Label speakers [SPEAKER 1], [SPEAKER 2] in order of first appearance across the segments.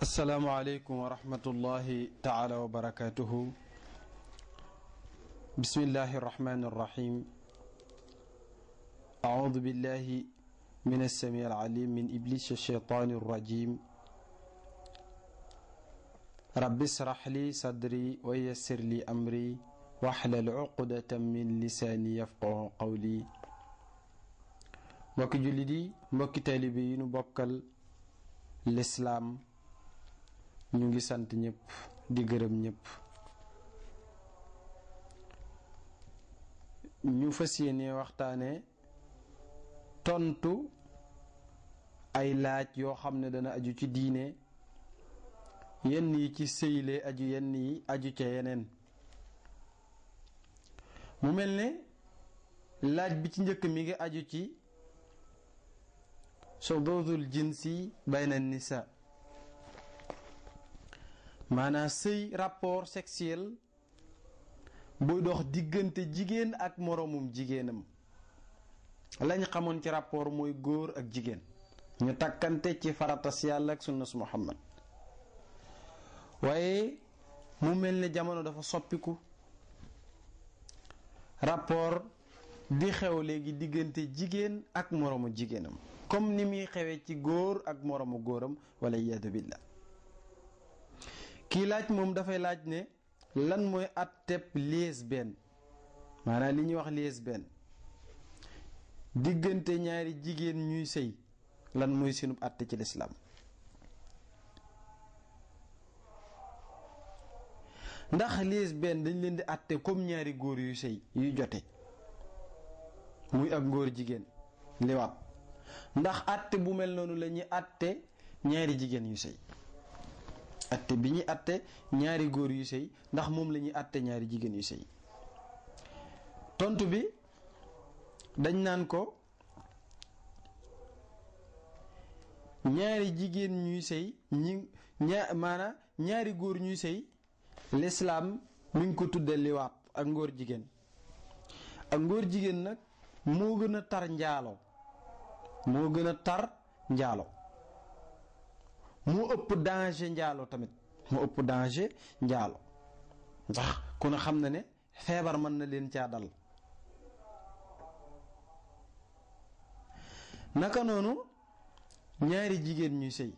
[SPEAKER 1] asalaamualeykum wa rahmatullahi taala wa barakatuhu bismillahi arrahmani arrahim أعوذ بالله من السميع العليم من إبليس الشيطان الرجيم رب اشرح لي صدري ويسر لي أمري واحلل عقدة من لساني يفقه قولي mbokki jullit yi mbokki taalibe yi nu bokkal lislaam ñu ngi sant ñépp di gërëm ñépp ñu fas yéene waxtaane tontu ay laaj yoo xam ne dana aju ci diine yenn yi ci sëyle aju yenn yi aju ca yeneen mu mel ne laaj bi ci njëkk mi ngi aju ci sududul jinsi bayna nisa maanaam sëy rapport sexuel buy dox diggante jigéen ak moroomum jigéenam lañ xamoon ci rapport mooy góor ak jigéen ñu takkante ci faratas yàlla ak sunnas muhammad waaye mu mel ni jamono dafa soppiku rapport di xew léegi diggante jigéen ak moroomu jigéenam comme ni muy xewee ci góor ak moroomu góoram wala bi la kii laaj moom dafay laaj ne lan mooy atteb lesbienne maanaam li ñuy wax lesbienne diggante ñaari jigéen ñuy sëy lan mooy sinub atte ci lislaam ndax lesbienne dañ leen di atte comme ñaari góor yu sëy yuy jote muy ak ngóor jigéen liwaat ndax atte bu mel noonu la ñuy atte ñaari jigéen yu sëy atte bi ñuy atte ñaari góor yu sëy ndax moom lañuy ñuy atte ñaari jigéen yu sëy tont bi dañ naan ko ñaari jigéen ñuy sëy ñi ña ñaari góor ñuy sëy lislaam mi ngi ko tuddee liwaab ak ngóor jigéen ak ngóor jigéen nag moo gën a tar njaaloo moo gën a tar njaalo mu ëpp danger njaalo tamit mu ëpp danger njaalo ndax ku ne xam na ne feebar mën na leen caa dal naka noonu ñaari jigéen ñuy sëy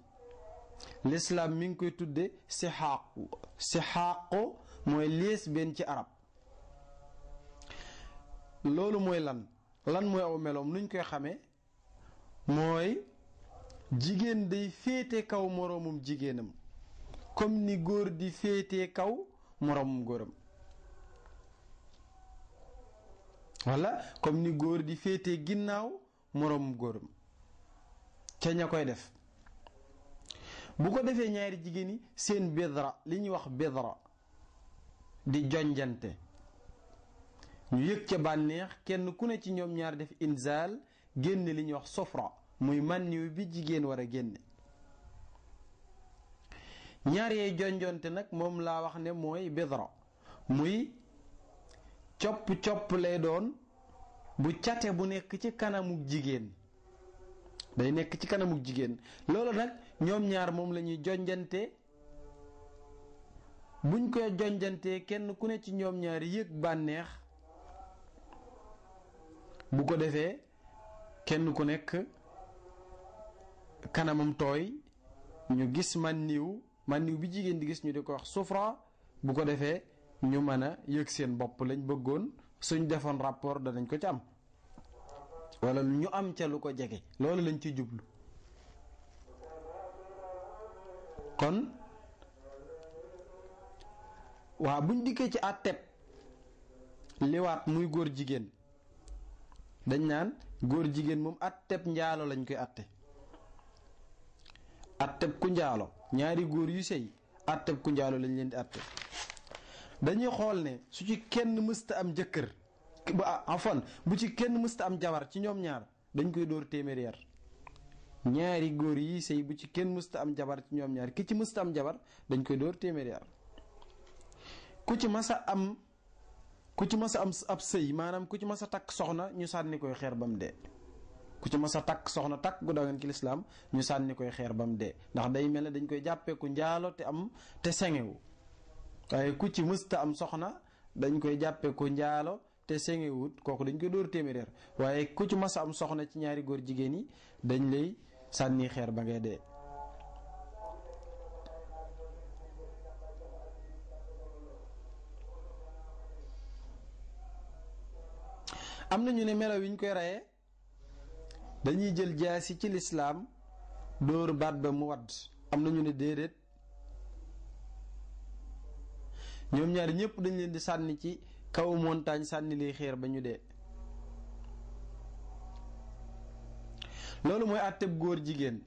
[SPEAKER 1] lislaam mi ngi koy tudde si xaaqu si xaaqo mooy lees benn ci arab loolu mooy lan lan mooy aw meloom nuñ koy xamee mooy jigéen day féete kaw moroomum jigéenam comme ni góor di féete kaw moroomum góoram walla comme ni góor di féete ginnaaw moroomum góoram ca ña koy def bu ko defee ñaari jigéen yi seen bidra li wax bidra di jonjante ñu yëg ca bànneex kenn ku ne ci ñoom ñaar def inzaal génne li ñuy wax sofra muy mànniw bi jigéen war a génne ñaar yee jonjonte nag moom laa wax ne mooy bidra muy copp copp lay doon bu cate bu nekk ci kanamuk jigéen day nekk ci kanamuk jigéen loolu nag ñoom ñaar moom lañuy jonjante buñ koy jonjante kenn ku ne ci ñoom ñaar yëg bànneex bu ko defee kenn ku nekk kanamam tooy ñu gis man niw man niw bi jigéen di gis ñu di ko wax sufra bu ko defee ñu mën a yëg seen bopp lañ bëggoon suñ defoon rapport danañ ko ci am wala ñu am ca lu ko jege loolu lañ ci jublu kon waa buñ dikkee ci àtteeb liwaat muy góor jigéen dañ naan góor jigéen moom atteb njaalo lañ koy atte atteb ku njaalo ñaari góor yu sëy atteb ku njaalo lañ leen di atte dañuy xool ne su ci kenn mësta am jëkkër bu afon ah, bu ci kenn mësta am jabar ci ñoom ñaar dañ koy dóor téeméeri yar ñaari góor yi sëy bu ci kenn mësta am jabar ci ñoom ñaar ki ci mësta am jabar dañ koy dóor téeméeri yar ku ci masa am ku ci mas a am ab sëy maanaam ku ci mas a takk soxna ñu sànni koy xeer ba dee ku ci mas takk soxna takk gu dagan ci lislaam ñu sànni koy xeer ba mu dee ndax day mel ne dañ koy jàppee ku njaalo te am te sengewu waaye ku ci mësta am soxna dañ koy jàppee ku njaalo te sengewu kooku dañ koy dóor téeméer waaye ku ci mas am soxna ci ñaari góor jigéen yi dañ lay sànni xeer ba ngay dee am na ñu ne melaw yi ñu koy reyee dañuy jël jaas jaasi ci lislaam dóor baat ba mu wadd am na ñu ne déedéet ñoom ñaari ñëpp dañ leen di sànni ci kaw montagne sànni liy xeer ba ñu dee loolu mooy àtteb góor jigéen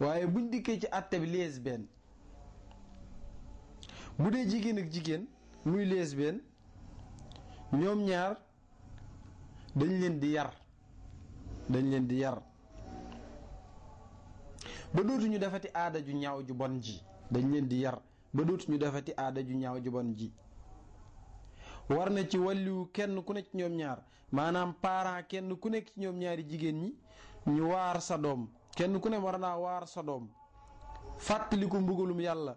[SPEAKER 1] waaye buñ dikkee ci àtteb lesbienne bu dee jigéen ak jigéen muy lesbienne ñoom ñaar dañ leen di yar dañ leen di yar ba dootuñu defati aada ju ñaaw ju bon ji dañ leen di yar ba dootuñu defati aada ju ñaaw ju bon ji war na ci wàlliwu kenn ku nekk ci ñoom ñaar maanaam parent kenn ku nekk ci ñoom ñaari jigéen ñi ñu waar sa doom kenn ku ne war naa waar sa doom fàttaliku mbugalum yàlla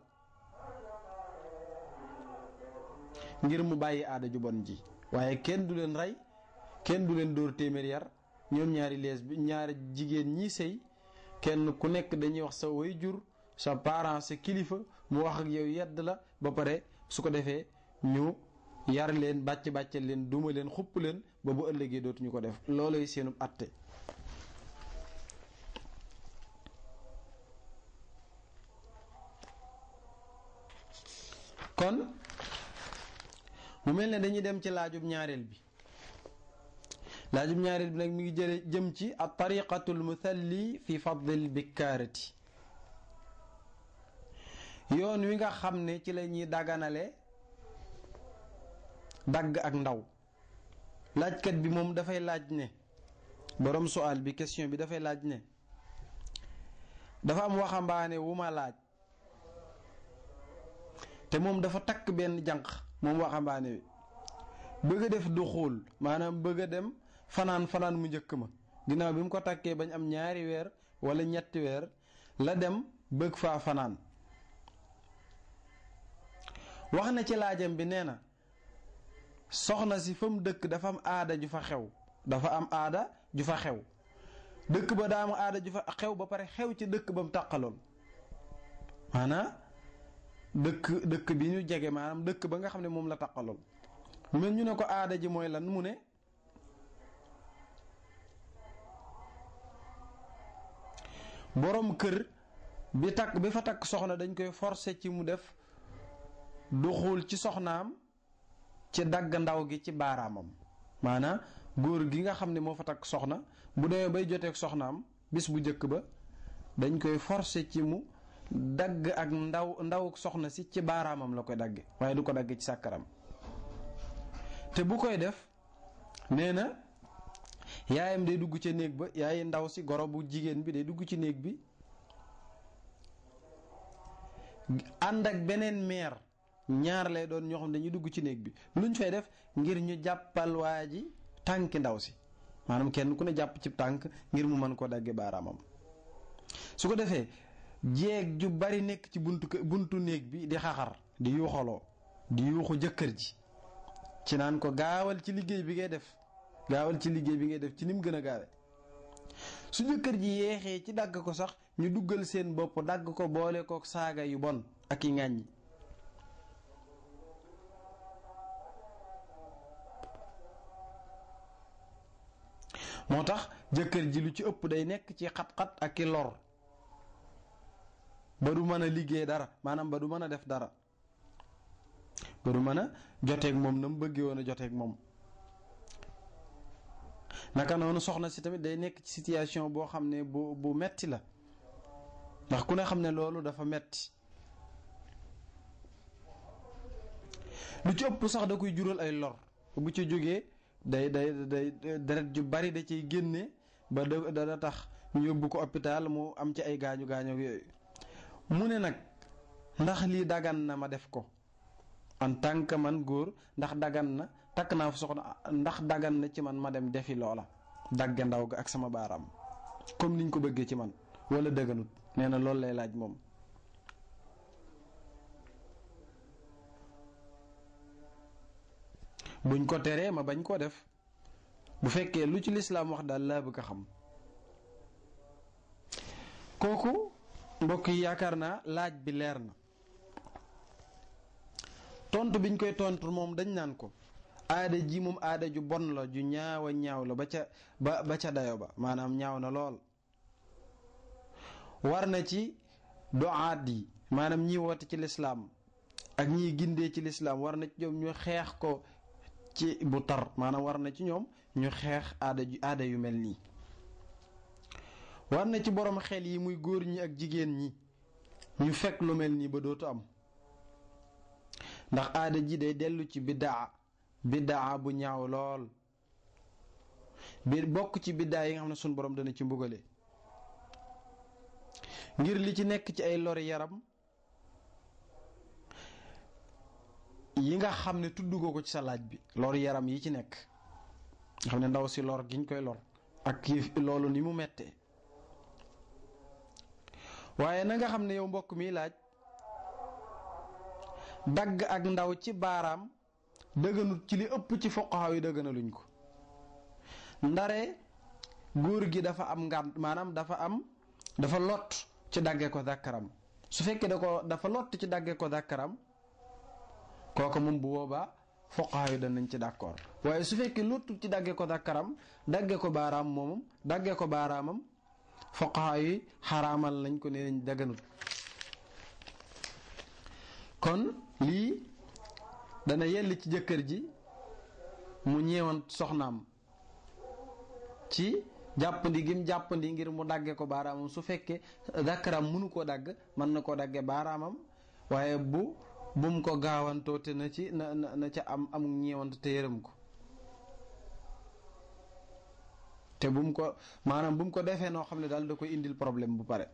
[SPEAKER 1] ngir mu bàyyi aada ju bon ji waaye kenn du leen rey kenn du leen dóor téeméer yar ñoom ñaari lees bi ñaar jigéen ñi sëy kenn ku nekk dañuy wax sa way jur sa parent kilifa mu wax ak yow yedd la ba pare su ko defee ñu yar leen bàcc bàcc leen duma leen xupp leen ba bu ëllëgee dootuñu ko def loolooy seenub àtte kon mu mel ne dañuy dem ci laajub ñaareel bi laajum ñaareel bi nag mu ngi jëre jëm ci ab a tariqatu lmuthalli fi fadlil bikkaarati yoon wi nga xam ne ci la ñuy daganale dagg ak ndaw laajkat bi moom dafay laaj ne boroom soal bi question bi dafay laaj ne dafa am waxambaane wu ma laaj te moom dafa takk benn jànq moom waxambaane bi bëgg a def duxuul maanaam bëgg a dem fanaan fanaan mu njëkk ma ginnaaw bi mu ko takkee bañ am ñaari weer wala ñetti weer la dem bëgg faa fanaan wax na ci laajam bi nee na soxna si fam dëkk dafa am aada ju fa xew dafa am aada ju fa xew dëkk ba daa aada ju fa xew ba pare xew ci dëkk ba mu tàqaloon maanaam dëkk dëkk bi ñu jege maanaam dëkk ba nga xam ne moom la tàqaloon mel ñu ne ko aada ji mooy lan mu ne boroom kër bi takk bi fa takk soxna dañ koy forcer ci mu def duxul ci soxnaam ci dagg ndaw gi ci baaraamam maanaam góor gi nga xam ne moo fa takk soxna bu demee bay joteek soxnaam bis bu njëkk ba dañ koy forcer ci mu dagg ak ndaw ndaw soxna si ci baaraamam la koy dagge waaye du ko daggee ci sàkkaram te bu koy def nee na yaayam day dugg ca néeg ba yaay ndaw si goro bu jigéen bi day dugg ci néeg bi ànd ak beneen meer ñaar lay doon ñoo dañuy dugg ci néeg bi luñ fay def ngir ñu jàppal waa ji tànki ndaw si maanaam kenn ku ne jàpp ci tànk ngir mu mën koo dagge baaraamam su ko defee jeeg ju bari nekk ci buntu buntu néeg bi di xaxar di yuuxaloo di yuuxu jëkkër ji ci naan ko gaawal ci liggéey bi ngay def gaawal ci liggéey bi ngay def ci ni mu gën a gaawe su jëkkër ji yeexee ci dàgg ko sax ñu duggal seen bopp dàgg ko boole kook saaga yu bon ak i ŋàññi moo tax jëkkër ji lu ci ëpp day nekk ci xat-xat ak i lor ba du mën a liggéey dara maanaam ba du mën a def dara ba du mën a joteeg moom na mu bëggee woon a joteeg moom naka noonu soxna si tamit day nekk ci situation boo xam ne bu bu metti la ndax ku ne xam ne loolu dafa metti lu ci ëpp sax da koy jural ay lor bu ci jógee day day day deret ju bari da ciy génne ba da dana tax ñu yóbbu ko hôpital mu am ci ay gaañu gaañu yooyu mu ne nag ndax lii daggan na ma def ko en tant que man góor ndax daggan na takk naa fa soxna ndax daggan na ci man ma dem defi loola dagge ndaw ga ak sama baaraam comme niñ ko bëggee ci man wala dëgganut nee na loolu lay laaj moom buñ ko teree ma bañ koo def bu fekkee lu ci lislaam wax daal laa xam kooku mbokk yi yaakaar naa laaj bi leer na tontu biñ koy tontu moom dañ naan ko aada ji moom aada ju bon la ju ñaawa ñaaw la ba ca ba ba ca dayo ba maanaam ñaaw na lool war na ci doaat yi maanaam ñi woote ci lislaam ak ñiy gindee ci lislaam war na ci ñoom ñu xeex ko ci bu tar maanaam war na ci ñoom ñu xeex aada ju aada yu mel nii war na ci boroom xel yi muy góor ñi ak jigéen ñi ñu fekk lu mel nii ba dootu am ndax aada ji day dellu ci bidaa biddaa bu ñaaw lool bi bokk ci biddaa yi nga xam ne sun boroom dana ci mbugale ngir li ci nekk ci ay lori yaram yi nga xam ne tudd ko ko ci sa laaj bi lori yaram yi ci nekk nga xam ne ndaw si lor giñ koy lor ak loolu ni mu mettee waaye nanga xam ne yow mbokk mi laaj dagg ak ndaw ci baaraam dëgganut ci li ëpp ci foqaha yi dëggana ko ndare góor gi dafa am ngànt maanaam dafa am dafa lot ci dagge ko zakaram su fekkee da ko dafa lot ci dagge ko zakaram kooku moom bu boobaa foqaha yi danañ ci d'accord waaye su fekkee lottu ci dagge ko zakaram dagge ko baaraam moomam dagge ko baaraamam foqaha yi xaraamal lañ ko ne nañ dagganut kon lii dana yell ci jëkkër ji mu ñeewant soxnaam ci jàppandi gim jàppandi ngir mu dàgge ko baaraamam su fekkee dàkkaraam mënu koo dagg mën na koo dàgge baaraamam waaye bu bum ko gaawantoo te na ci na na ca am am ñeewant te yërëm ko te bum ko maanaam bum ko defee noo xam ne daal da koy indil problème bu pare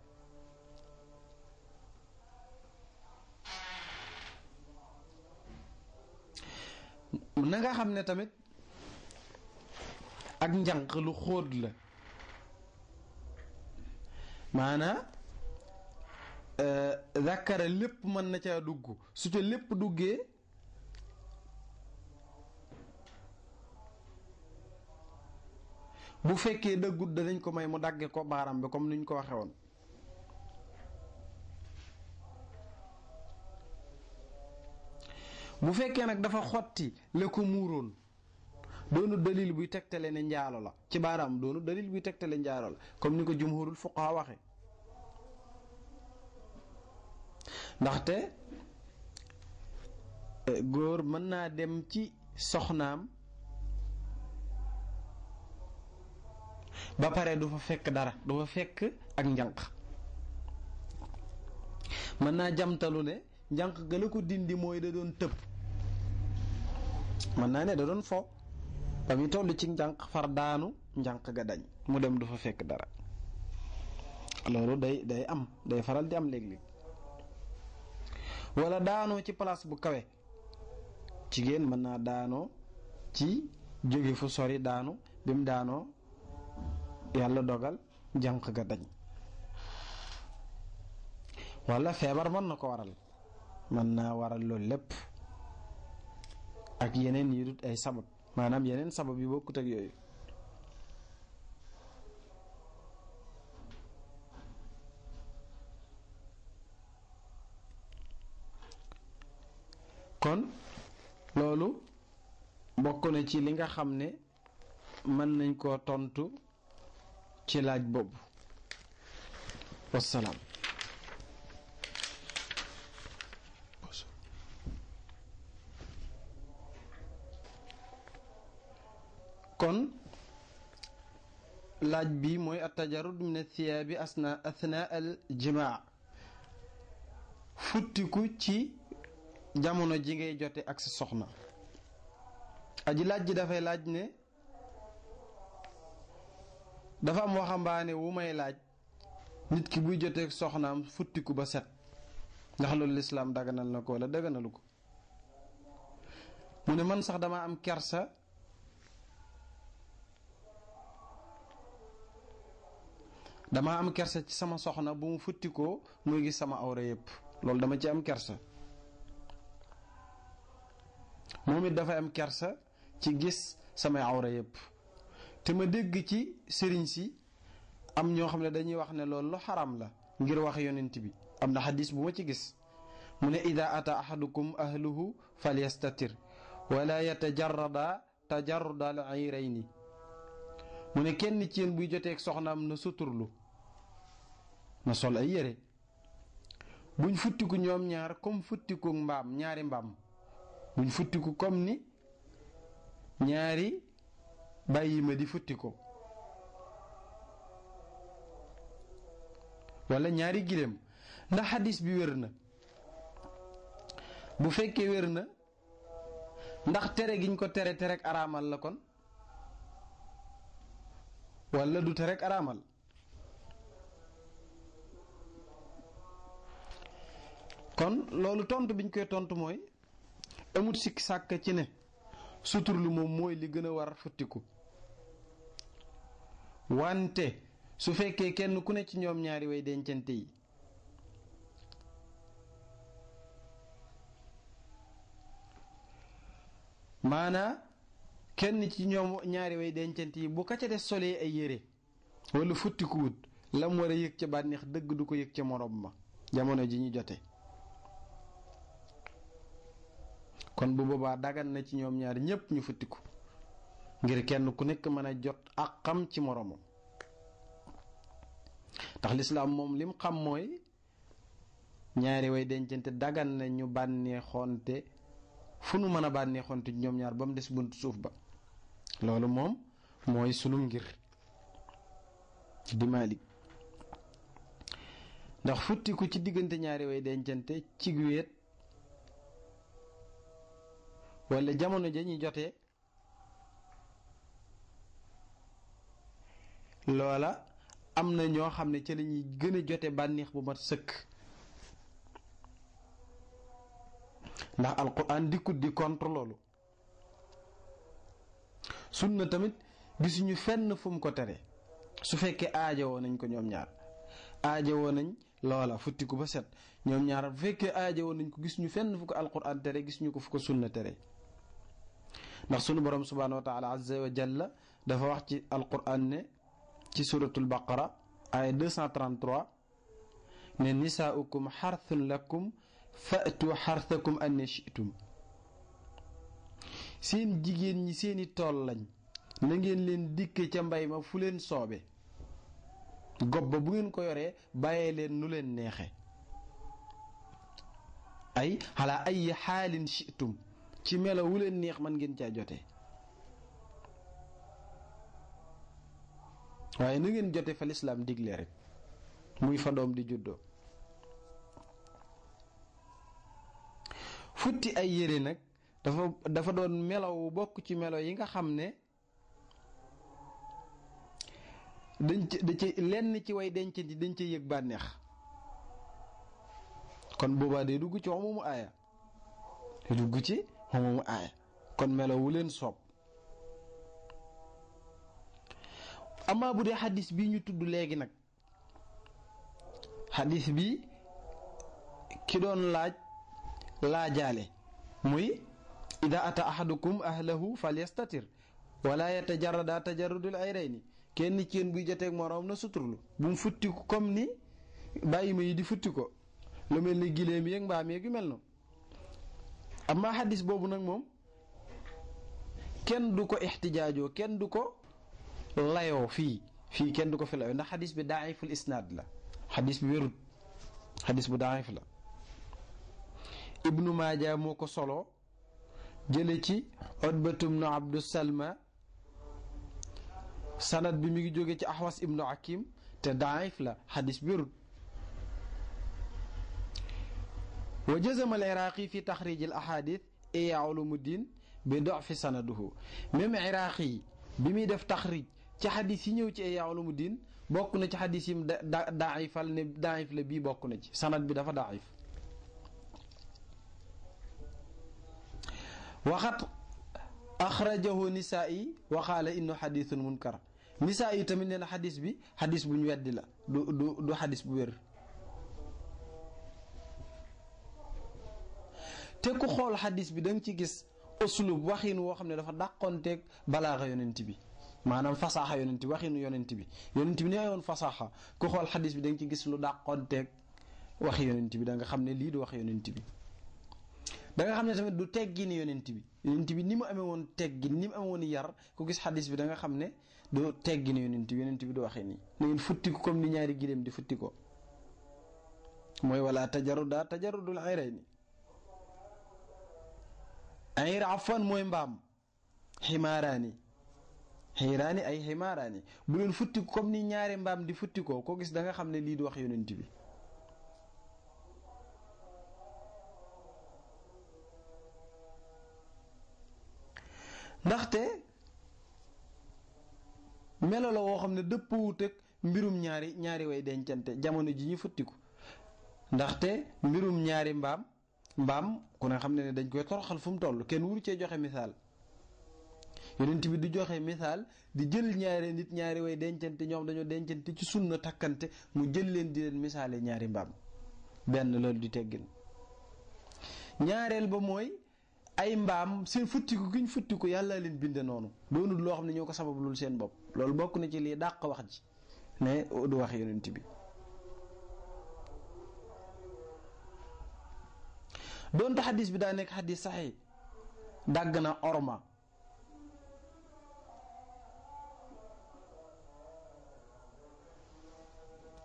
[SPEAKER 1] nanga xam ne tamit ak njanq lu xóot la maanaa euh, zakara lépp mën na caa dugg su ca lépp duggee bu fekkee dëggut danañ ko may mu dagge ko baaram bi comme ni ñu ko waxe woon bu fekkee nag dafa xotti la ko muuroon doonu dalil buy tegtale ne njaalo la ci baaraam doonu dalil buy tegtale njaalo la comme ni ko jumhurul fuqaha waxe ndaxte e, góor mën naa dem ci soxnaam ba pare du fa fekk dara du fa fekk ak njànq mën naa jamtalu ne njànq la ko dindi mooy da doon tëb mën naa ne da doon fo ba muy toll ci njànq far daanu njànq ga dañ mu dem du fa fekk dara loolu day day am day faral di am léeg-léeg wala daanoo ci palaas bu kawe jigéen mën naa daanoo ci jóge fu sori daanu bi mu daanoo yàlla dogal jànq ga dañ walla feebar mën na ko waral mën naa waral loolu lépp ak yeneen yi dut ay sabab maanaam yeneen sabab yu bokkut ak yooyu kon loolu bokk na ci li nga xam ne mën nañ koo tontu ci laaj boobu wassalaam kon laaj bi mooy attajarud min athiyaabi asna athna al jimaa futtiku ci jamono ji ngay jote ak sa soxna aji laaj bi dafay laaj ne dafa am waxambaane wu may laaj nit ki buy joteeg soxnaam futtiku ba set ndax loolu lislaam daganal na ko wala daganalu ko mu ne man sax dama am kersa dama am kersa ci sama soxna bu mu futtikoo ko muy gis sama awra yépp loolu dama ci am kersa moom it dafay am kersa ci gis samay awra yépp te ma dégg ci sëriñ si am ñoo xam ne dañuy wax ne lool lu xaram la ngir wax yonint bi am na xadis bu ma ci gis mu ne ida ata ahadukum ahluhu falyastatir wala yatajarrada rey ni mu ne kenn ci yéen buy joteeg soxnaam na suturlu na sol ay yére buñ futtiku ñoom ñaar comme futtiku mbaam ñaari mbaam buñ futtiku comme ni ñaari bàyyi ma di futtiku wala ñaari giléem ndax xadis bi wér na bu fekkee wér na ndax tere giñ ko tere tere ak araamal la kon walla du tere araamal kon loolu tontu biñ koy tontu mooy amut sikk sàkk ci ne suturlu moom mooy li gën a war futtiku wante su fekkee kenn ku ne ci ñoom ñaari way dencante yi maanaa kenn ci ñoom ñaari way dencant yi bu ka ca des solee ay yére wala futtikuwut lam war a yëg ca bànneex dëgg du ko yëg ca moroom ma jamono ji ñu jote kon bu boobaa dagan na ci ñoom ñaar ñépp ñu futtiku ngir kenn ku nekk mën a jot xam ci moroomam ndax lislaam moom lim xam mooy ñaari way dencante dagan na ñu bànneexoonte fu nu mën a bànneexoonte ñoom ñaar ba mu des buntu suuf ba loolu moom mooy sunum ngir di Maalik ndax futtiku ci diggante ñaari way dencante ci wéet walla jamono ja ñuy jotee loola am na ñoo xam ne ci lañuy ñuy gën a jote bànneex bu mat sëkk ndax alquran dikkut di contre loolu sunna tamit gisuñu fenn fu mu ko tere su fekkee woon nañ ko ñoom ñaar woon nañ loola futti futtiku ba set ñoom ñaar bu fekkee woon nañ ko gisuñu fenn fu ko alquran tere gisuñu ko fu ko sunna tere ndax sunu borom subhanahu wa taala azza wa jalla dafa wax ci alquran ne ci suratul baqara ay 233 ne nisaaukum xarthun lakum fa'tu xarthakum anne shi'tum seen jigéen ñi seeni tool lañ na ngeen leen dikk ca mbay ma fu leen soobe gob ba bu ngeen ko yore bàyyee leen nu leen neexe ay xalaa ay xaalin shitum ci melo wu leen neex man ngeen caa jote waaye na ngeen jote fa lislaam digle rek muy fa doom di juddoo futti ay yére nag dafa dafa doon melow bokk ci melo yi nga xam ne dañ ci lenn ci way denc ji dañ ci yëg bànneex kon boobaa day dugg ci xamumu aaya dugg ci xamumu aaya kon melow wu leen soob amaa bu dee xadis bi ñu tudd léegi nag xadis bi ki doon laaj laajaale muy ida ata ahadukum ahlahu falyastatir wala yatajarrada tajarrudul ayrayni kenn ci buy joteeg moroom na suturlu bu mu futti ko comme ni bàyyi ma yi di futti ko lu mel ni giléem yeeg mbaam yeeg yu mel noonu amma xadis boobu nag moom kenn du ko ixtijaajoo kenn du ko layoo fii fii kenn du ko fi layoo ndax xadis bi daiful isnaad la xadis bi wérut xadis bu daif la ibnu maaja moo ko solo jële ci otbatum na abdu salma sanad bi mi ngi jóge ci ahwas ibnu hakim te daif la xadis birut wa jazama al iraqi fi taxrij al ahadith iya ulumuddin bi dox fi sanaduhu même iraqi yi bi muy def taxrij ci xadis yi ñëw ci iya ulumuddin bokk na ci xadis yim daifal ne daif la bii bokk na ci sanad bi dafa daif waxat axrajahu nisaa yi waxaala innu mun kar nisaa yi tamit nee na xadis bi xadis bu ñu weddi la du du du bu wér te ku xool xadis bi da nga ci gis uslub waxin woo xam ne dafa dàqonteeg balaaxa yonent bi maanaam fasaaxa yonent bi waxinu yonent bi yonent bi nee woon fasaaxa ku xool xadis bi da nga ci gis lu dàqonteeg waxi yonent bi danga xam ne lii du wax yonent bi da nga xam ne tamit du teggin yonent bi yonent bi ni mu amee woon teggin ni mu amee woon yar ku gis xadis bi da nga xam ne du teggin yonent bi yonent bi du waxee nii na ngeen futti ko comme ni ñaari giléem di futti ko mooy mooy mbaam ximaaraani xiiraani ay ximaaraani bu leen futti comme ni ñaari mbaam di futti ko koo gis da xam ne lii du wax yonent bi ndaxte melo woo xam ne dëppwut ak mbirum ñaari ñaari way dencante jamono ji ñu futtiku ndaxte mbirum ñaari mbaam mbaam ku ne xam ne ne dañ koy toroxal fu mu toll kenn wuru cee joxe misaal yonent bi du joxe misaal di jël ñaari nit ñaari way dencante ñoom dañoo dencante ci sunna takkante mu jël leen di leen misaale ñaari mbaam benn loolu di teggin ñaareel ba mooy ay mbaam seen futtiku gi ñu futtiku yàlla leen bind noonu doonul loo xam ne ñoo ko sabablul seen bopp loolu bokk na ci lii dàq wax ji ne du wax yonent bi doonte xadis bi daa nekk xadis saxi dàgg na orma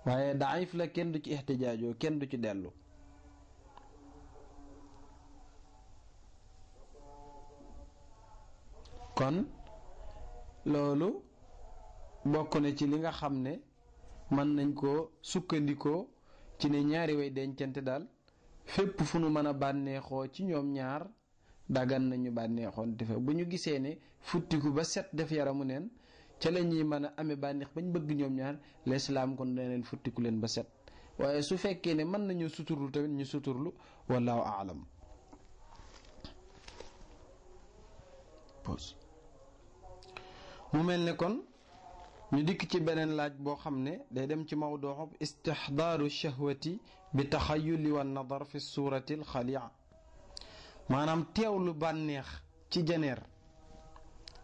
[SPEAKER 1] waaye daif la kenn du ci ixtijaajoo kenn du ci dellu kon loolu bokk na ci li nga xam ne mën nañ koo sukkandikoo ci ne ñaari way dencante daal fépp fu nu mën a bànneexoo ci ñoom ñaar dagan nañu bànneexoon defe bu ñu gisee ne futtiku ba set def yaramu neen ci lañuy ñuy mën a amee bànneex bañ bëgg ñoom ñaar lislaam kon ne leen futtiku leen ba set waaye su fekkee ne mën nañu suturlu tamit ñu suturlu wallaahu aalam mu mel ne kon ñu dikk ci beneen laaj boo xam ne day dem ci mawdooxub istixdaaru shahwati bi taxayuli wa nadar fi suurati alxalia maanaam teewlu bànneex ci janeer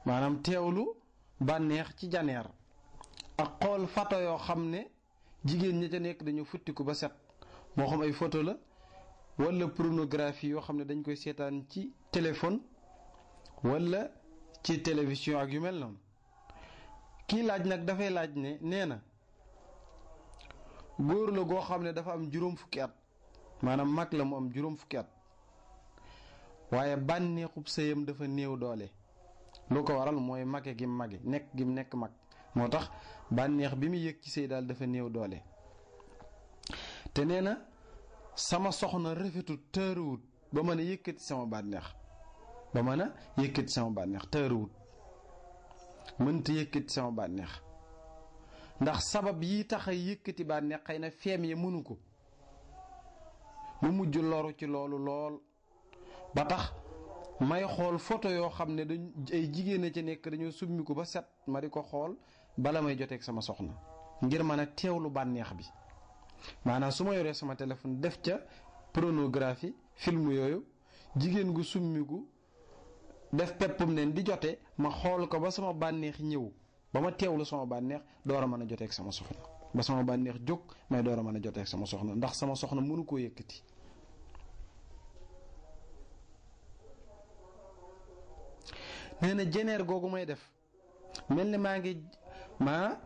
[SPEAKER 1] maanaam teewlu bànneex ci janeer ak xool photo yoo xam ne jigéen ñi ca nekk dañu futtiku ba set moo xam ay photo la wala pornographie yoo xam ne dañ koy seetaan ci téléphone wala ci télévision ak yu mel noonu kii laaj nag dafay laaj ne nee na góor la goo xam ne dafa am juróom fukki at maanaam mag la mu am juróom fukki at waaye bànneexub sëyam dafa néew doole loo ko waral mooy mage gi mage nekk gi mu nekk mag moo tax bànneex bi mu yëg ci sëy daal dafa néew doole te nee na sama soxna rafetut tëruwut ba mën a yëkkati sama bànneex ba mën a yëkkati sama bànneex tëruwut mënta yëkkati sama bànneex ndax sabab yi tax a yëkkati bànneex xëy na feem ya mënu ko mu mujj loru ci loolu lool ba tax may xool photo yoo xam ne dañ ay jigéen a ci nekk dañoo summiku ba set ma di ko xool bala may joteeg sama soxna ngir mën a teewlu bànneex bi maanaam su ma yoree sama téléphone def ca pornographie film yooyu jigéen gu summiku def peppum nen di jote ma xool ko ba sama bànneex ñëw ba ma teewlu sama bànneex door a mën a joteeg sama soxna ba sama bànneex jóg may door a mën a jote sama soxna ndax sama soxna mënu koo yëkkati nee na jeneer googu may def mel ni maa ngi maa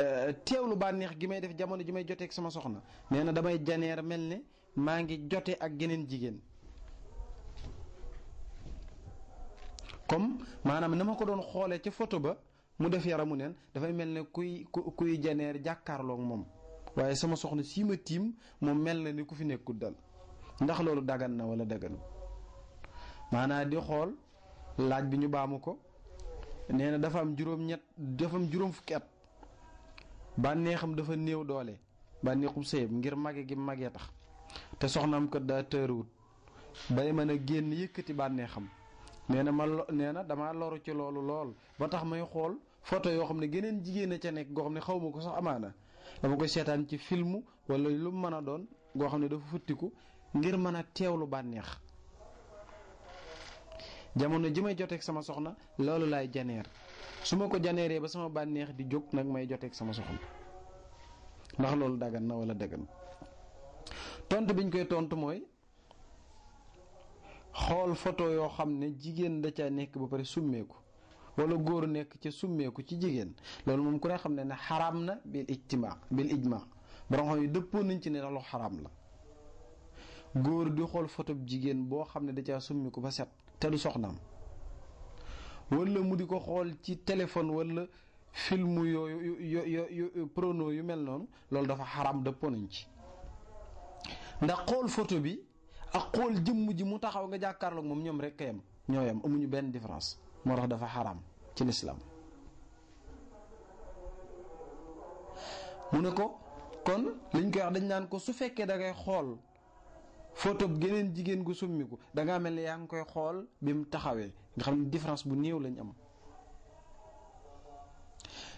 [SPEAKER 1] euh, teewlu bànneex gi may def jamono ji may joteeg sama soxna nee na damay janeer mel ni maa ngi jote ak geneen jigéen comme maanaam na ma ko doon xoolee ca photo ba mu def yaramu neen dafay mel ne kuy ku kuy janeer jàkkaarlook moom waaye sama soxna sii tiim moom mel na ni ku fi nekkul dal ndax loolu daggan na wala dagan maanaa di xool laaj bi ñu baamu ko nee na dafa am juróom-ñett dafa am juróom fukki at bànneexam dafa néew doole bànneexum sëyam ngir mag gi magee tax te soxna am ko daa tëruwut bay mën a génn yëkkati bànneexam nee na ma nee na damaa loru ci loolu lool ba tax may xool photo yoo xam ne geneen jigéen a ca nekk goo xam ne xaw ma ko sax amaana dama koy seetaan ci filmu wala lu mën a doon goo xam ne dafa futtiku ngir mën a teewlu bànneex jamono ji may joteeg sama soxna loolu laay janeer su ma ko janeeree ba sama bànneex di jóg nag may joteeg sama soxna ndax loolu dagan na wala dagan tontu biñ koy tontu mooy xool foto yoo xam ne jigéen da caa nekk ba pare summeeku walla góor nekk ca summeeku ci jigéen loolu moom ku ne xam ne ne xaraam na bil ijtimaa bil ijma borom xam yi dëppoo nañ ci ne lu xaraam la góor di xool photo jigéen boo xam ne da caa summeeku ba set te du soxnaam wala mu di ko xool ci téléphone walla film yooyu yu prono yu mel noonu loolu dafa xaraam dëppoo nañ ci ndax xool photo bi ak xool jëmm ji mu taxaw nga jàkkaarlook moom ñoom rekk kayam ñoo yam amuñu benn différence moo tax dafa xaram ci lislaam mu ne ko kon liñ koy wax dañ naan ko su fekkee da ngay xool photo geneen jigéen gu summiku da mel ni yaa ngi koy xool bi mu taxawee nga xam ne différence bu néew lañ am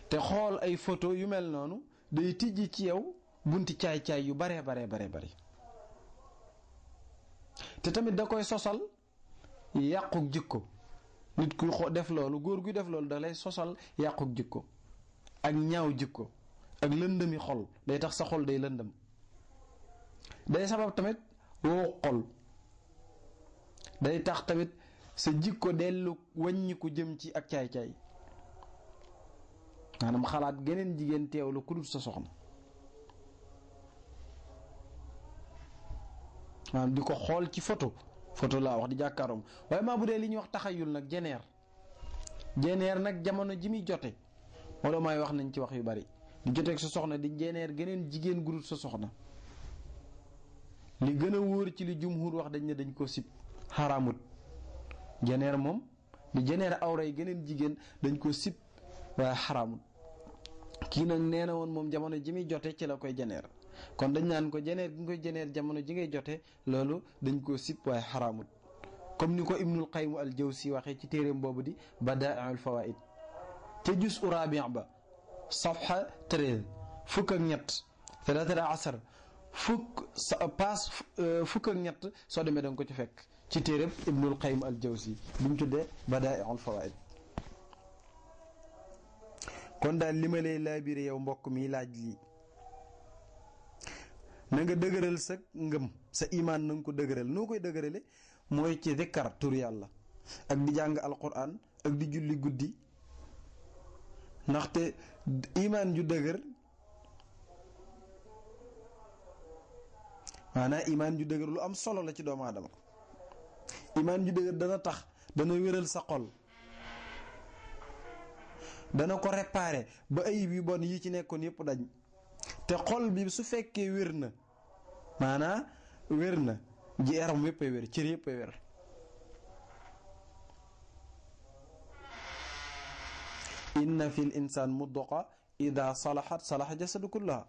[SPEAKER 1] te xool ay photo yu mel noonu day tijji ci yow bunti caay-caay yu baree baree baree bari te tamit da koy sosal yàquk jikko nit kuy def loolu góor guy def loolu da lay sosal yàquk jikko ak ñaaw jikko ak lëndëmi xol day tax sa xol day lëndëm day sabab tamit wow xol day tax tamit sa jikko dellu wàññiku jëm ci ak caay-caay maanaam xalaat geneen jigéen teewlu ku dul sa soxna maanaam di ko xool ci photo photo laa wax di jàkkaaroom waaye maa bu dee li ñuy wax taxayul nag jeneer jeneer nag jamono ji muy jote wala may wax nañ ci wax yu bari di sa soxna di jeneer geneen jigéen gudul sa soxna li gën a wóor ci li jumhur wax dañ ne dañ ko sib xaraamut jeneer moom di jeneer awray geneen jigéen dañ ko sib waaye xaraamut kii nag nee na woon moom jamono ji muy jote ci la koy jeneer kon dañ naan ko jeneer gi nga koy jeneer jamono ji ngay jote loolu dañ ko sib waaye xaraamut comme ni ko ibnul qaymu al jawsi waxee ci téeréem boobu di badaaul fawaid te jus u ba safha treize fukk ak asar euh, fukk ak ñett soo demee da ko ci fekk ci téeréem ibnul qayyim al jawsi bi mu tuddee badaaul fawaid kon daal li ma lay laabiré yow mbokk mi laaj lii na nga dëgëral sa ngëm sa imaan na ko dëgëral noo koy dëgërale mooy ci dikkar tur yàlla ak di jàng alquran ak di julli guddi ndaxte imaan ju dëgër maanaam imaan ju dëgër lu am solo la ci doomu aadama imaan ju dëgër dana tax dana wéral sa xol dana ko réparer ba ayib yu bon yi ci nekkoon yépp dañ te xol bi su fekkee wér na maanaa wér na ji yaram yépp ay wér cër yépp ay wér inna fi l insaan muddoqa ida salaxat salaxa jasadu kullaha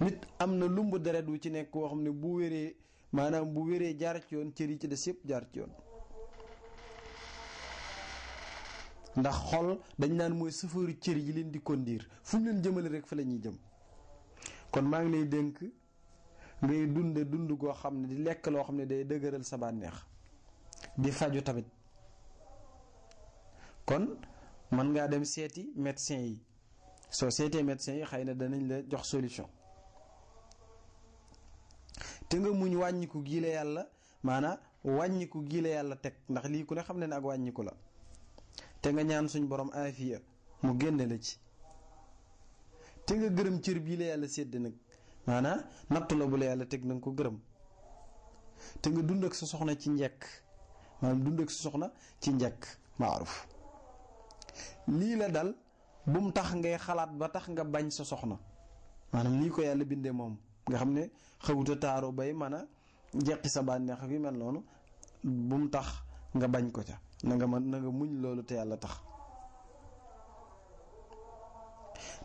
[SPEAKER 1] nit am na lumbu deret wu ci nekk woo xam ne bu wéree maanaam bu wéree jaar ci yoon cër yi ci des yépp jaar ci yoon ndax xol dañ naan mooy sëfëru cër yi leen di kondiir fu mu leen jëmale rek fa la ñuy jëm kon maa ngi lay dénk ngay dunde dund goo xam ne di lekk loo xam ne day dëgëral sa bànneex di faju tamit kon mën ngaa dem seeti médecin yi soo seetee médecin yi xëy na danañ la jox solution te nga muñ wàññiku gii la yàlla maanaa wàññiku gii la yàlla teg ndax lii ku ne xam ne ne ak wàññiku la te nga ñaan suñ borom aafiya mu génne la ci te nga gërëm cër bii la yàlla sédd nag maanaa natt la bu la yàlla teg na nga ko gërëm te nga dund ak sa soxna ci njekk maanaam dund soxna ci njekk maaruf lii la dal bum tax ngay xalaat ba tax nga bañ sa soxna maanaam nii ko yàlla bindee moom nga xam ne xawuta taaru bay mën a jeqi sa bànneex ak mel noonu bum tax nga bañ ko ca na nga mën na muñ loolu te yàlla tax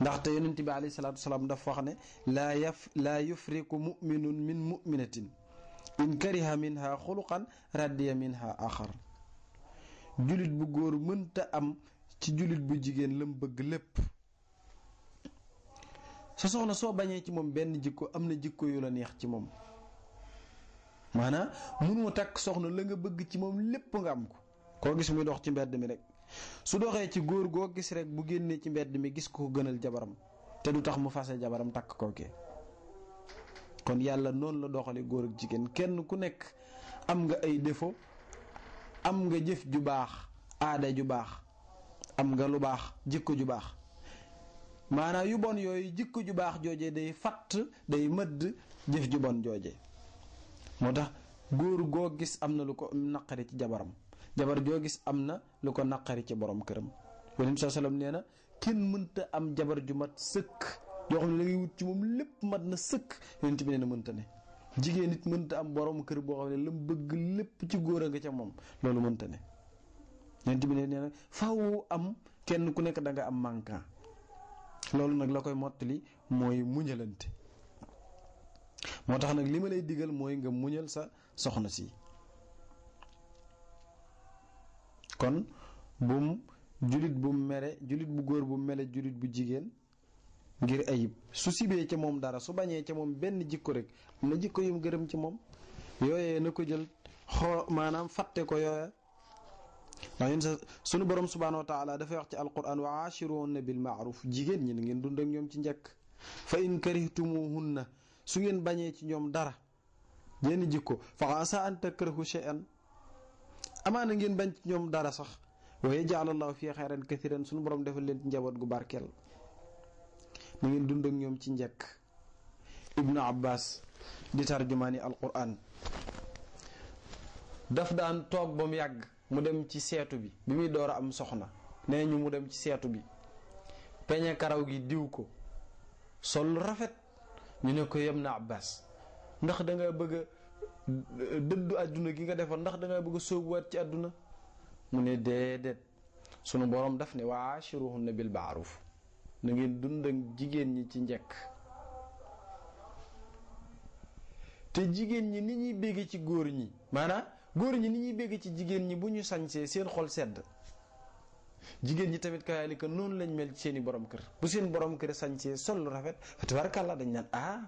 [SPEAKER 1] ndaxte yonent bi alayhi salaatu wasalaam dafa wax ne laa yaf laa yufriku muminun min muminatin in kariha minha xuluqan radiya jullit bu góor mënta am ci jullit bu jigéen lam bëgg lépp sa soxna soo bañee ci moom benn jikko am na jikko yu la neex ci moom maanaam mënoo takk soxna la nga bëgg ci moom lépp nga am ko koo gis muy dox ci mbedd mi rek su doxee ci góor goo gis rekk bu génnee ci mbedd mi gis ko gënal jabaram te du tax mu fase jabaram takk kookee kon yàlla noonu la doxale góor ak jigéen kenn ku nekk am nga ay défaut am nga jëf ju baax aada ju baax am nga lu baax jikko ju baax maanaam yu bon yooyu jikko ju baax jooje day fatt day madd jëf ju bon jooje moo tax góor goo gis am na lu ko naqari ci jabaram jabar joo gis am na lu ko naqari ci boroom këram yonent bi sallam nee na kenn mënta am jabar ju mat sëkk yoo xam ne la ngay wut ci moom lépp mat na sëkk yonent bi nee mënta ne jigéen it mënta am boroom kër boo xam ne la mu bëgg lépp ci góor a nga ca moom loolu mënta ne yonent bi nee na faaw am kenn ku nekk danga am manquant loolu nag la koy mottali mooy muñalante moo tax nag li ma lay digal mooy nga muñal sa soxna si kon bum julit bu mere julit bu góor bu mele julit bu jigéen ngir ayib su sibee ca moom dara su bañee ca moom benn jikko rek am na jikko yum gërëm ci moom yooyee na ko jël xoo maanaam fàtte ko yooya ndax yéen sa sunu borom subhaanahu wa taala dafay wax ci alquran wa aashiruhunna bil maaruf jigéen ñi na ngeen dund ak ñoom ci njëkk fa in karihtumuhunna su ngeen bañee ci ñoom dara jenn jikko fa asa an takrahu shay'an amaana ngeen bañ ci ñoom dara sax wa yaj'al allahu fii xayran kathiran suñu borom defal leen ci njaboot gu barkeel na ngeen dund ak ñoom ci njëkk ibnu abbas di tarjumaani alquran daf daan toog ba mu yàgg mu dem ci seetu bi bi muy door a am soxna nee ñu mu dem ci seetu bi peñe karaw gi diw ko sol lu rafet ñu ne ko yem na abbas ndax danga bëgg dëddu àdduna gi nga defoon ndax danga bëgg a sóobuwaat ci àdduna mu ne déedéet sunu borom daf ne wa na bil maaruf na ngeen dund ak jigéen ñi ci njekk te jigéen ñi ni ñuy bégg ci góor ñi maanaam góor ñi ni ñuy bégg ci jigéen ñi bu ñu sañsee seen xol sedd jigéen ñi tamit kazaalika noonu lañ mel ci seeni borom kër bu seen borom kër sañsee sol lu rafet tabaarkalla dañ naan ah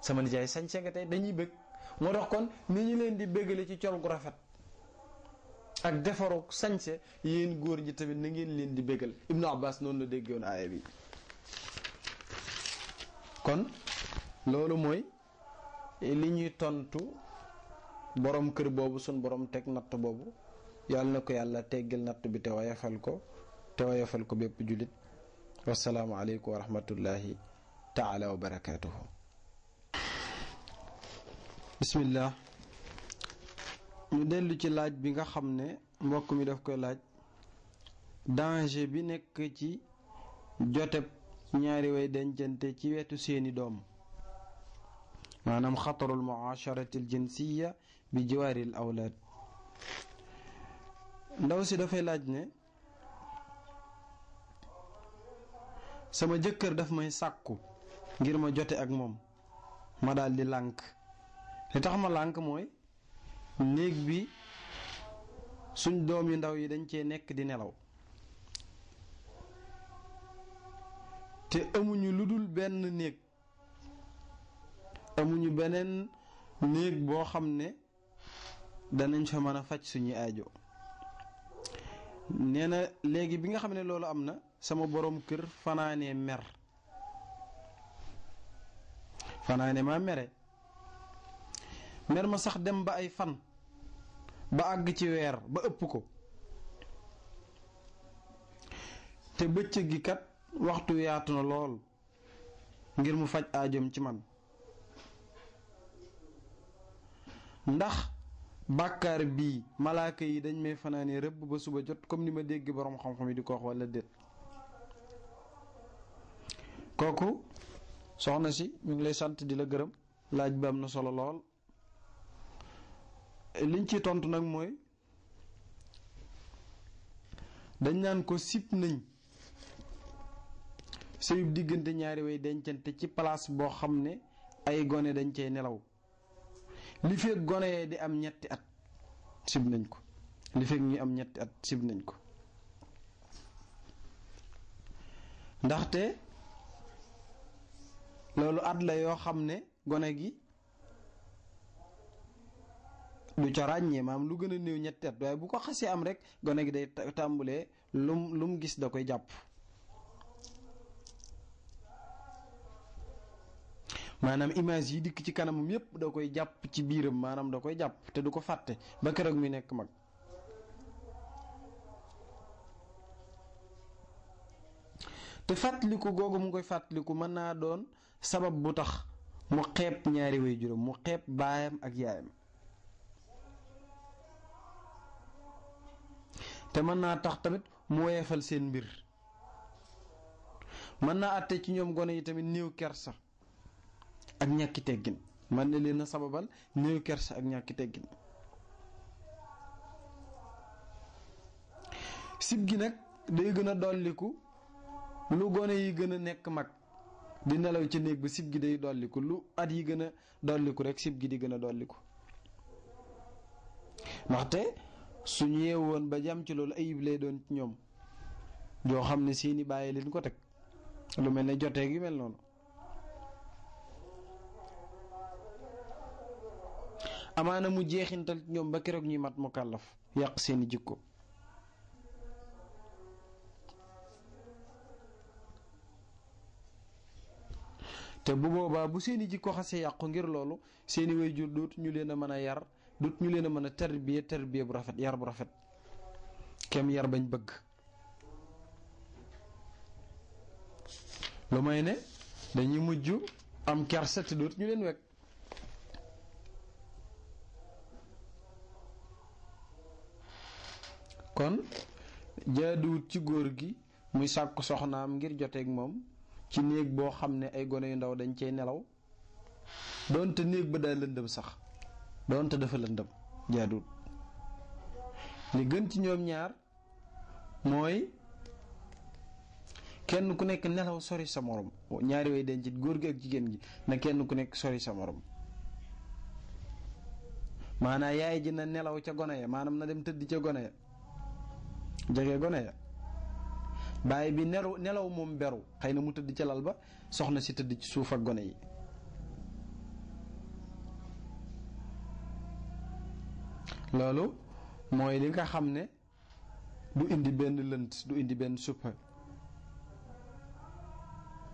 [SPEAKER 1] sama nijaay sañsee nga tey dañuy bëgg moo tax kon ni ñu leen di béggale ci col gu rafet ak defaru sañse yéen góor ñi tamit na ngeen leen di béggal Ibnu Abbas noonu la déggoon aaya bi kon loolu mooy li ñuy tontu boroom kër boobu sun boroom teg natt boobu yàlla na ko yàlla teggal natt bi te wayafal ko te wayafal ko bépp jullit wasalaamu aleykum wa rahmatullahi taala wa barakaatuhu bismillah mu dellu ci laaj bi nga xam ne mbokk mi daf koy laaj danger bi nekk ci joteb ñaari way dencante ci wetu seeni doom maanaam xatarul muasharati al jinsiya bi jiwaari al ndaw si dafay laaj ne sama jëkkër daf may sàkku ngir ma jote ak moom ma daal lank li tax ma lànk mooy néeg bi suñ doom yu ndaw yi dañ cee nekk di nelaw te amuñu lu dul benn néeg amuñu beneen néeg boo xam ne danañ fa mën a faj suñuy ajo nee na léegi bi nga xam ne loolu am na sama boroom kër fanaane mer fanaane ma mere mer ma sax dem ba ay fan ba àgg ci weer ba ëpp ko te bëccëg gi kat waxtu yaatu na lool ngir mu faj aajom ci man ndax bàkkaar bii malaaka yi dañ may fanaane rëbb ba suba jot comme ni ma dégg boroom xam-xam yi di ko wax walla déet kooku soxna si ñu ngi lay sant di la gërëm laaj ba am na solo lool liñ ci tontu nag mooy dañ naan ko sip nañ sëyub diggante ñaari way dencante ci palaas boo xam ne ay gone dañ cay nelaw li fekk gone yee di am ñetti at sib nañ ko li fekk ñuy am ñetti at sib nañ ko ndaxte loolu at la yoo xam ne gone gi du ca ràññee maam lu gën a néew ñetti waaye bu ko xasee am rek gone gi day tàmbulee lum lu mu gis da koy jàpp maanaam image yi dikk ci kanamam yépp da koy jàpp ci biiram maanaam da koy jàpp te du ko fàtte ba keroog mu nekk mag te fàttaliku googu mu ngi koy fàttaliku mën naa doon sabab bu tax mu xeeb ñaari way juróom mu xeeb baayam ak yaayam te mën naa tax tamit mu woyefal seen mbir mën naa àtte ci ñoom gone yi tamit néew kersa ak ñàkki teggin man ne leen a sababal néew kersa ak ñàkki teggin sib gi nag day gën a dolliku lu gone yi gën a nekk mag di nelaw ci néeg bi sib gi day dolliku lu at yi gën a dolliku rek sib gi di gën a dolliku ndaxte su suñu woon ba jam ci loolu ayib lay doon ci ñoom yoo xam ne seeni bàyyi leen ko teg lu mel ne jotee yu mel noonu amaana mu jeexintal ñoom ba keroog ñuy mat mu kàllaf yàq seeni jikko te bu boobaa bu seeni jikko xasee yàqu ngir loolu seeni way jur dootu ñu leen a mën a yar dut ñu leen a mën a tarbiya tarbiya bu rafet yar bu rafet kem yar bañ bëgg lu may ne dañuy mujj am kersa te dut ñu leen wekk kon jaaduwut ci góor gi muy sàkku soxnaam ngir joteek moom ci néeg boo xam ne ay gone yu ndaw dañ cey nelaw doonte néeg ba daa lëndëm sax doonte dafa lëndëm jaaduwul li gën ci ñoom ñaar mooy kenn ku nekk nelaw sori sa morom ñaari way denc góor gi jigéen gi na kenn ku nekk sori sa morom yaay ji na nelaw ca gone ya maanaam na dem tëdd ca gone ya jege gone ya baay bi nelaw nelaw moom beru xëy na mu tëdd ca lal ba soxna si tëdd ci suuf ak gone yi loolu mooy li nga xam ne du indi benn lënt du indi benn suppa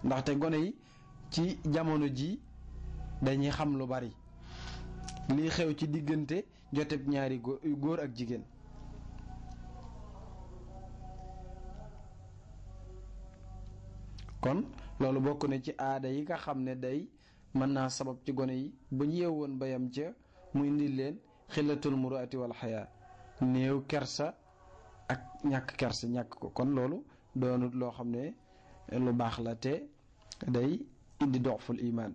[SPEAKER 1] ndaxte gone yi ci jamono ji dañuy xam lu bari li xew ci diggante joteb ñaari góor ak jigéen kon loolu bokk na ci aada yi nga xam ne day mën naa sabab ci gone yi bu ñu yeewoon bayam ca mu indi leen xillatul muraati wal xayaa néew kersa ak ñàkk kers ñàkk ko kon loolu doonut loo xam ne lu baax la te day indi doxful imaan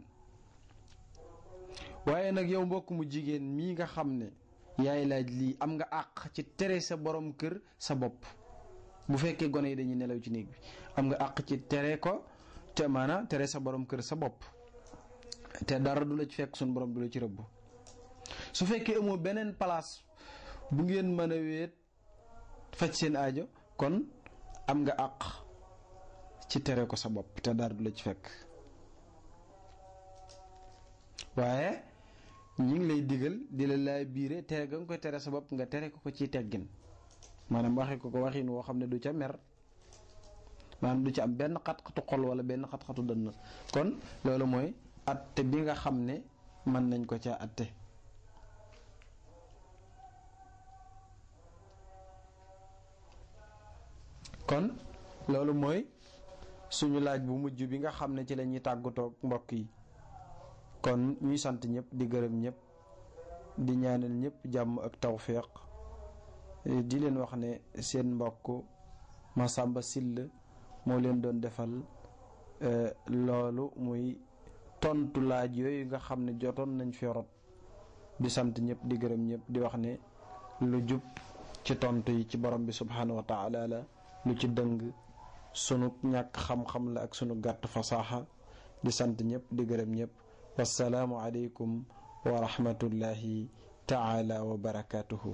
[SPEAKER 1] waaye nag yow mbokk mu jigéen mii nga xam ne yaay laaj lii am nga àq ci tere sa borom kër sa bopp bu fekkee gone yi dañuy nelaw ci néeg bi am nga àq ci tere ko te maanaam tere sa borom kër sa bopp te dara du la ci fekk sun borom du la ci rëbb su fekkee amoo beneen place bu ngeen mën a wéet faj seen aajo kon am nga àq ci tere ko sa bopp te dara du la ci fekk waaye ñi ngi lay digal di la laay biire tere ga nga koy tere sa bopp nga tere ko ko ciy teggin maanaam waxe ko ko waxin woo xam ne du ca mer maanaam du ci am benn xat-xatu xol wala benn xat-xatu dënn kon loolu mooy atte bi nga xam ne mën nañ ko ca atte kon loolu mooy suñu laaj bu mujj bi nga xam ne ci la ñuy tàggatoo mbokk yi kon ñuy sant ñëpp di gërëm ñëpp di ñaanal ñëpp jàmm ak tawféex di leen wax ne seen mbokk Massamba Syll moo leen doon defal e, loolu muy tontu laaj yooyu nga xam ne jotoon nañ fi rot di sant ñëpp di gërëm ñëpp di wax ne lu jub ci tont yi ci borom bi subhanahu wa taala la lu ci dëng sunu ñàkk xam-xam la ak sunu gàtt fasaaxa di sant ñëpp di gërëm ñëpp wassalaamu aleykum wa rahmatullahi taala wa barakaatuhu